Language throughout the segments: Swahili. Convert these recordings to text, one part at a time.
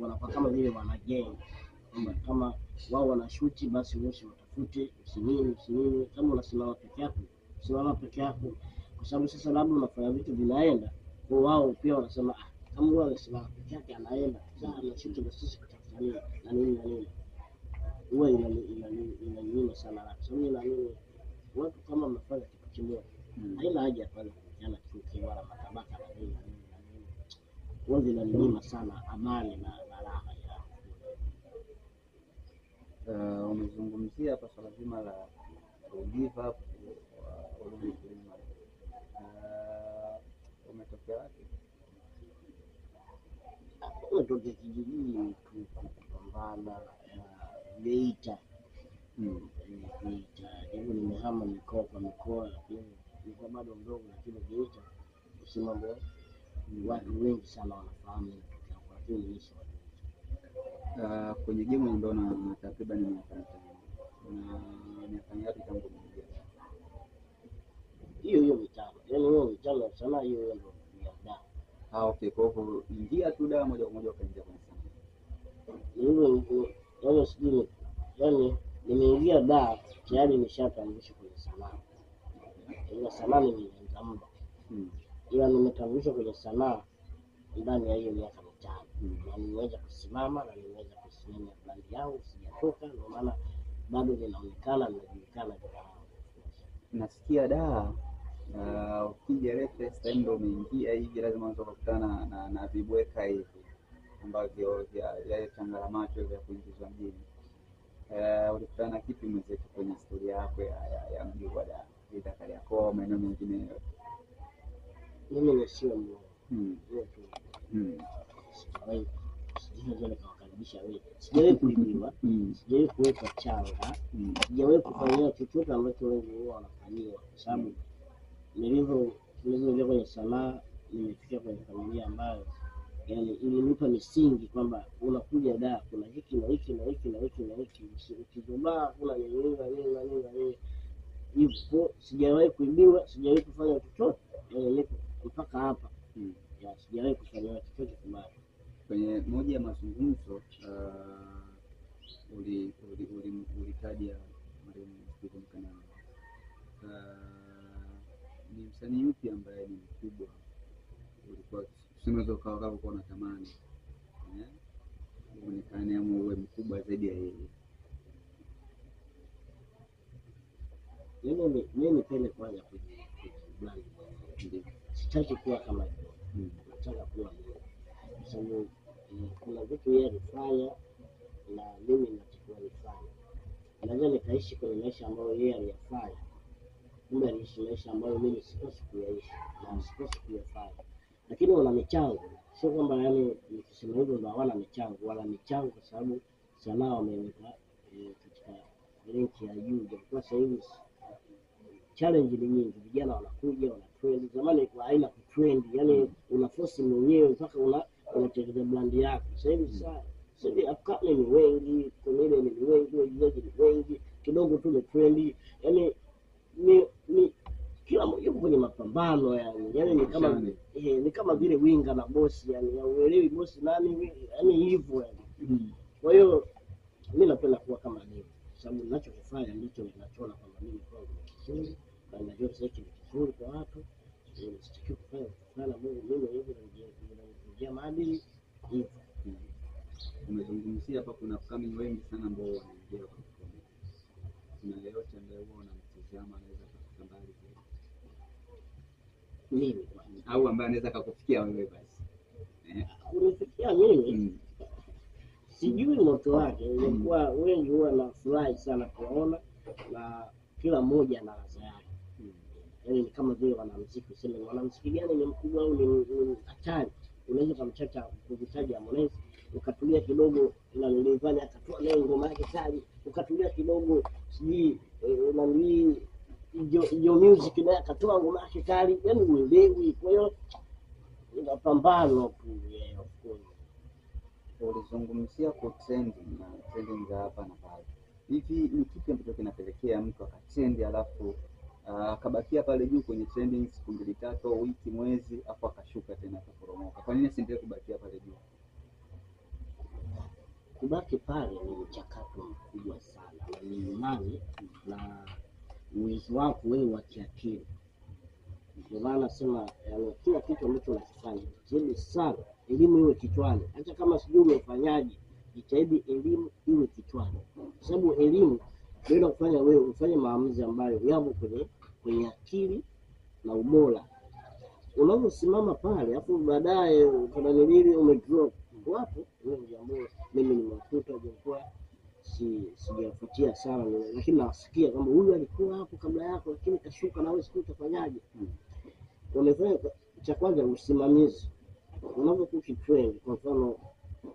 wanakuwa kama vile wana gang kwamba kama wao wanashuti basi wote watafute usinini usinini, kama unasimama peke yako simama peke yako, kwa sababu sasa labda unafanya vitu vinaenda kwa wao, pia wanasema ah, kama huyo anasimama peke yake anaenda sasa anashuti na sisi tutafanyiwa na nini na nini, huwa inaniuma sana, kwa sababu inaamini watu kama mnafanya sana amani na, na raha ya uh, umezungumzia hapa swala zima la kugive eh, up umetokea wapi? kijijini tu kupambana na Geita hmm. Geita, hivyo nimehama mikoa kwa mikoa, lakini nilikuwa bado mdogo, lakini Geita si mambo watu wengi sana wanafahamu Uh, kwenye gemu ndo na takriban miaka mitano na miaka mingapi tangu kuingia hiyo hiyo mitano, yani hiyo mitano ya sanaa hiyo hiyo ndio da. Ah, okay, kwa hivyo ingia tu da moja kwa moja ukaingia kwenye sanaa hiyo hiyo, yaani sijui yani nimeingia da tayari nimeshatambulishwa kwenye sanaa, ila sanaa nimeingia muda, hmm. ila nimetambulishwa kwenye sanaa ndani ya hiyo miaka mitano na nimeweza kusimama na nimeweza kusimamia brandi yangu, sijatoka. Ndio maana bado ninaonekana ninajulikana. Nasikia daa ukija reference time ndio umeingia hivi, lazima unaweza kukutana na na vibweka hivi ambavyo vya changa la macho vya kuingizwa mjini. Eh, ulikutana na kipi mwenzetu kwenye historia yako ya ya, ya mji wa Dar, aidha Kariakoo, maeneo mengine yote? Mimi ni sio sijawahi sijui nikawakaribisha wengi, sijawahi kulibiwa, kuwekwa changa, sijawahi kufanyia chochote ambacho wengi huwa wanafanyiwa, kwa sababu nilivyoingia kwenye sanaa nimefika kwenye familia ambayo yani ilinipa misingi kwamba unakuja da, kuna hiki na hiki na hiki na hiki na hiki, ukizomaa kuna nini na nini na nini na nini hivyo. Sijawahi kuibiwa, sijawahi kufanya chochote, mpaka hapa hmm na sijawahi kufanyiwa chochote kibaya. Kwenye moja ya mazungumzo uh, ulitaja marehemu Stephen Kananga. Uh, ni msanii yupi ambaye ni mkubwa ulikuwa unaweza ukawa unatamani eh? uonekane ama uwe mkubwa zaidi ya yeye? Mimi nipende kwanza kujikubali, sitaki kuwa kama nataka kuwa sababu kuna vitu yeye alifanya na mimi natakiwa nifanye. Naweza nikaishi kwenye maisha ambayo yeye aliyafanya, kumbe aliishi maisha ambayo mimi sikosi kuyaishi na sikosi kuyafanya. Lakini wana michango, sio kwamba yani nikisema hivyo ndo hawana michango. Wana michango kwa sababu sanaa wameweka katika renki ya juu, japokuwa sasa hivi challenge ni nyingi, vijana wanakuja wana kutrend. Zamani ilikuwa haina kutrend, yani unaforce mwenyewe mpaka una unacheza brand yako. Sasa hivi sasa hivi afkani ni wengi, comedian ni wengi, wajizaji ni wengi, kidogo tu ni umetrendi, yani ni ni kila mmoja yuko kwenye mapambano yani, yani ni kama eh, ni kama vile winga na bosi yani, hauelewi bosi nani, yani hivyo yani. Mm. Kwa hiyo mimi napenda kuwa kama mimi, sababu ninachokifanya ndicho ninachoona kwamba mimi kwa ni kizuri najua hichi ni kizuri kwa watu, msitakiwe kufanya kukutana Mungu mimi hivi navujia maadili hivi. Umezungumzia hapa, kuna kami wengi sana ambao wanaingia kwenye komenti. Kuna yeyote ambaye huwa unamtizama anaweza kufika mbali zaidi mimi au ambaye anaweza akakufikia wewe basi kunifikia eh? mimi mm. sijui moto wake imekuwa wengi huwa nafurahi sana kuwaona na kila mmoja na raza yake yani ni kama vile wanamziki useme mwanamziki gani ni mkubwa au ni hatari, unaweza kumchata kuvitaji Harmonize ukatulia kidogo, na nilifanya akatoa naye ngoma yake kali, ukatulia kidogo, sijui eh, na nilii hiyo music naye akatoa ngoma yake kali, yani uelewi. Kwa hiyo inapambano tu yeye ulizungumzia ku trend na trendi za hapa na pale, hivi ni kitu ambacho kinapelekea mtu akatrendi alafu akabakia pale juu kwenye trending siku mbili tatu, wiki, mwezi, afu akashuka tena akaporomoka. Kwa nini asiendelee kubakia pale juu? Kubaki pale ni mchakato mkubwa sana, na ni imani na uwezo wako wewe wa kiakili. Ndio maana nasema yani, eh, kila kitu ambacho unakifanya jitahidi sana elimu iwe kichwani, hata kama sijui umefanyaje, jitahidi elimu iwe kichwani, kwa sababu elimu ndio inakufanya wewe ufanye maamuzi ambayo yapo kwenye kwenye akili na ubora. Unavyosimama pale alafu baadaye utananilili umedrop wapo jambo, mimi nimakuta jakuwa sijafuatia sana, lakini nawasikia kwamba huyu alikuwa hapo kabla yako, lakini kashuka nawe, siku utafanyaje? Wamefanya cha kwanza usimamizi, unavyokuwa ukitrend. Kwa mfano,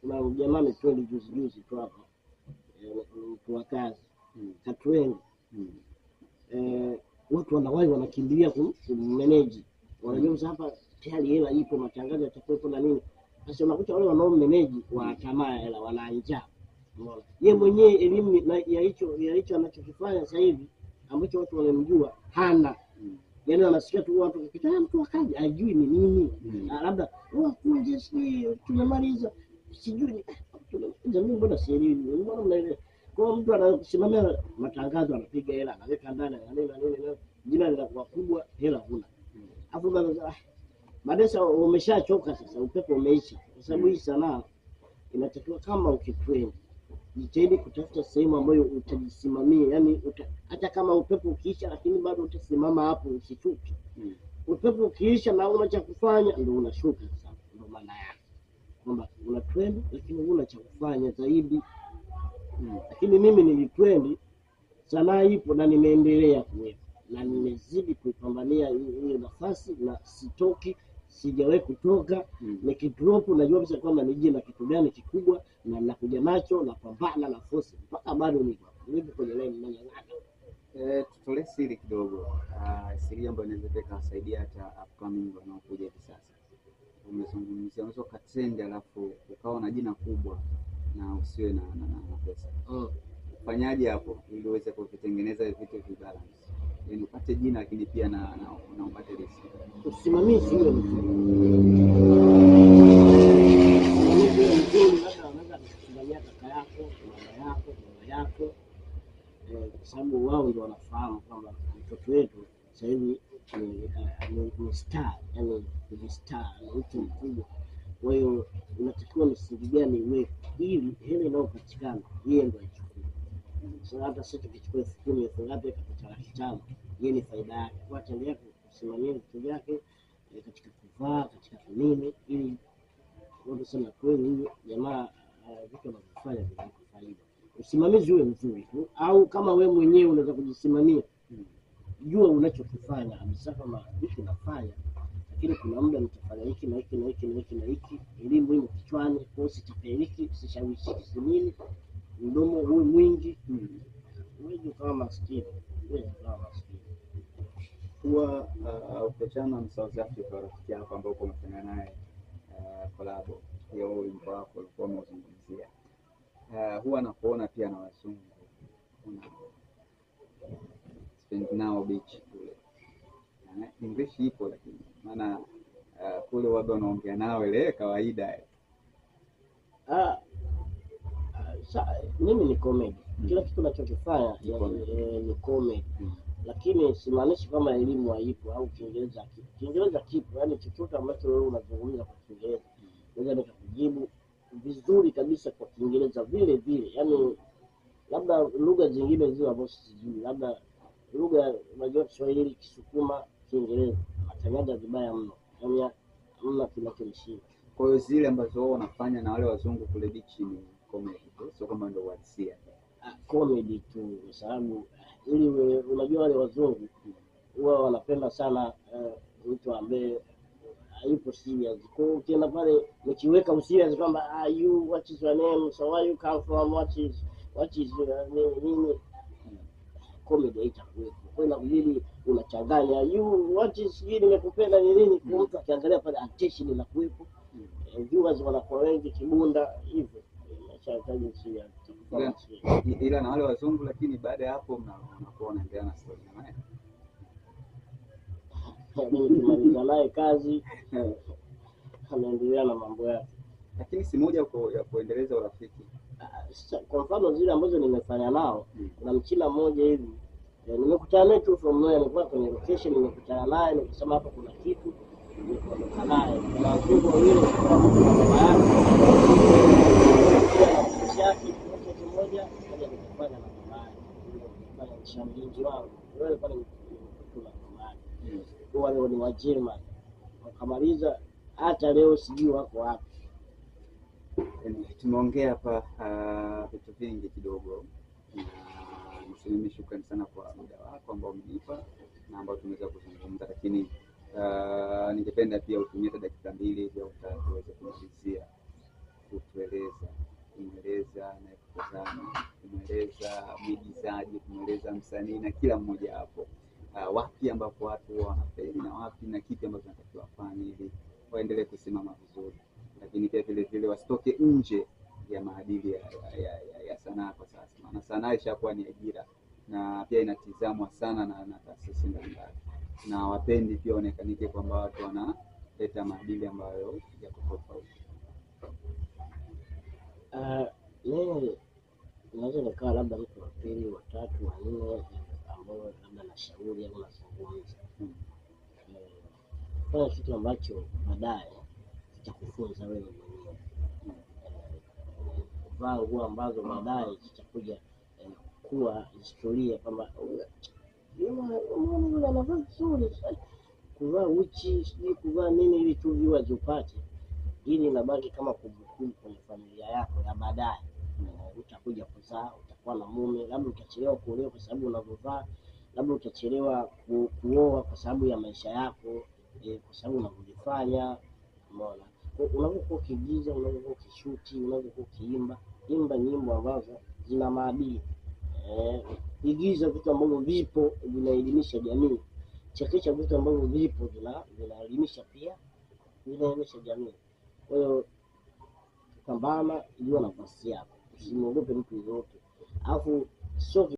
kuna jamaa ametrend juzi juzi tu hapa, eh, mtu wa kazi katrendi watu wanawahi wanakimbilia kummeneji, wanajua hapa tayari hela ipo, matangazo yatakuwepo na nini. basi unakuta wale wanaommeneji wa hela, wananjaa ye mwenyewe elimu ya hicho ya hicho anachokifanya sasa hivi ambacho watu wanamjua hana yani wanasikia tu watu kupita ah, mtu akaja ajui ni nini hmm. ah, labda wakuja oh, sijui tumemaliza sijui ah, mbona sielewi mbona mnaelewa kwa mtu anasimamia matangazo anapiga hela anaweka ndani na nini na nini, jina linakuwa kubwa, hela huna. Alafu ah, madesa umeshachoka sasa, upepo umeisha, kwa sababu hii sanaa inatakiwa kama ukitrend jitahidi kutafuta sehemu ambayo utajisimamia, yani uta, hata kama upepo ukiisha, lakini bado utasimama hapo usishuke. Hmm. Upepo ukiisha na una cha kufanya, ndio unashuka sasa. Ndio maana yake kwamba una trend, lakini una cha kufanya zaidi hmm. Lakini mimi nilipendi sanaa, ipo na nimeendelea kuwepo na nimezidi kuipambania hiyo nafasi na sitoki, sijawahi kutoka hmm. Nikidrop najua kabisa kwamba nije na kitu gani kikubwa, na nakuja nacho, napambana na force mpaka bado niko nipo kwenye line nanyang'ana. Eh, tutolee siri kidogo, uh, siri ambayo inaweza ikawasaidia hata upcoming wanaokuja hivi sasa. Umezungumzia unaweza ukatrend, alafu ukawa na jina kubwa na usiwe na, na, na pesa mm. Fanyaje hapo ili uweze kuvitengeneza vitu vibalance, yani upate jina lakini pia na, na, na upate Usimamizi ule yako, kwa sababu wao ndio wanafahamu kwamba mtoto wetu sasa hivi ni star, yani ni star, ni mtu mkubwa kwa hiyo unatakiwa misingi gani uweke ili hela inayopatikana yeye ndo aichukue. Sasa hata sisi tukichukua elfu kumi elfu ngapi akapata laki tano, yeye ni faida yake, kwa ataendelea kusimamia vitu vyake eh, katika kuvaa, katika kunini, ili sema kweli, huyu jamaa eh, vitu anavyofanya vinaka faida. Usimamizi uwe mzuri tu, au kama we mwenyewe unaweza kujisimamia, jua unachokifanya kabisa, kama vitu nafanya lakini kuna muda nitafanya hiki na hiki na hiki na hiki na hiki, elimu imo kichwani, kwa sitapeliki, sishawishi kisimini, mdomo huu mwingi, wewe kama maskini, wewe kama maskini kuwa ah, ukiachana na South Africa, rafiki yako ambao uko mfanya naye kolabo ah, hiyo, huo wimbo wako ulikuwa umeuzungumzia, ah, huwa nakuona pia na wazungu spend nao beach kule, English ipo lakini maana uh, kule waga unaongea nao ile kawaida. Ah, ah, sa, mimi ni comedy hmm. Kila kitu nachokifanya eh, ni comedy hmm. Lakini simaanishi kama elimu haipo au Kiingereza kipo. Kiingereza kipo, yani chochote ambacho wewe unazungumza kwa Kiingereza naweza nikakujibu vizuri kabisa kwa Kiingereza vile vile, yani labda lugha zingine zile ambazo sijui, labda lugha unajua Kiswahili, Kisukuma, Kiingereza anafanyaga vibaya mno, yaani hamna kinachomshinda. Kwa hiyo zile ambazo wao wanafanya na wale wazungu kule bichi ni comedy tu, sio kama ndio uhalisia. Ah, comedy tu, kwa sababu ah, ili unajua wale wazungu huwa wanapenda sana eh, mtu uh, ambaye hayupo serious. Kwa hiyo ukienda pale ukiweka userious kwamba ah, you what is your name so where you come from what is what is uh, nini hmm. comedy haitakuwepo unakwenda kujini unachanganya you wachi sijui nimekupenda ni nini, kwa mtu akiangalia pale attention inakuwepo, eh, viewers wanakuwa wengi kibunda hivyo eh, ila na wale wazungu, lakini baada ya hapo mnakuwa unaendelea na kimaliza naye kazi anaendelea na mambo yake, lakini si moja ya kuendeleza urafiki. Ah, kwa mfano zile ambazo nimefanya nao, hmm. na mchina mmoja hivi nimekutana naye tu from nowhere, nilikuwa kwenye location, nimekutana naye nikasema hapa kuna kitu, na ni wale ni wakamaliza. Hata leo sijui wako wapi. Tumeongea hapa ah, vitu vingi kidogo na mimi shukrani sana kwa muda wako ambao umenipa na ambao tumeweza kuzungumza, lakini uh, ningependa pia utumie hata dakika mbili hivi au tatu uweze kumalizia kutueleza, kumweleza anayekutazama, kumweleza mwigizaji, kumweleza msanii na kila mmoja hapo uh, wapi ambapo watu wanafeli na wapi na kipi ambacho wanatakiwa wafanye ili waendelee kusimama vizuri, lakini pia vilevile wasitoke nje ya maadili ya, ya, ya, ya sanaa kwa sasa, maana sanaa ishakuwa ni ajira na pia inatizamwa sana na, na taasisi mbalimbali, na wapendi pia waonekanike kwamba watu wanaleta maadili ambayo yako tofauti. Mimi eh, naweza nikawa labda mtu wa pili, watatu, wanne ambao labda nashauri au nazungumza hmm. eh, fanya kitu ambacho baadaye kitakufunza wewe mwenyewe kuvaa nguo ambazo baadaye zitakuja eh, kuwa historia kwamba uh, yule anavaa vizuri, eh, kuvaa uchi sijui kuvaa nini, ili tu viwa upate, ili nabaki kama kumbukumbu kwenye familia yako ya baadaye. Eh, utakuja kuzaa, utakuwa na mume, labda utachelewa kuolewa kwa sababu unavyovaa, labda utachelewa ku, kuoa kwa sababu ya maisha yako eh, kwa sababu unavyojifanya, unaona unavyokuwa ukiigiza, unavyokuwa ukishuti, unavyokuwa ukiimba imba nyimbo ambazo zina maadili eh, igiza vitu ambavyo vipo vinaelimisha jamii, chekesha vitu ambavyo vipo vinaelimisha pia vinaelimisha jamii. Kwa hiyo pambana, jua nafasi yako, usimwogope mtu yoyote, alafu sio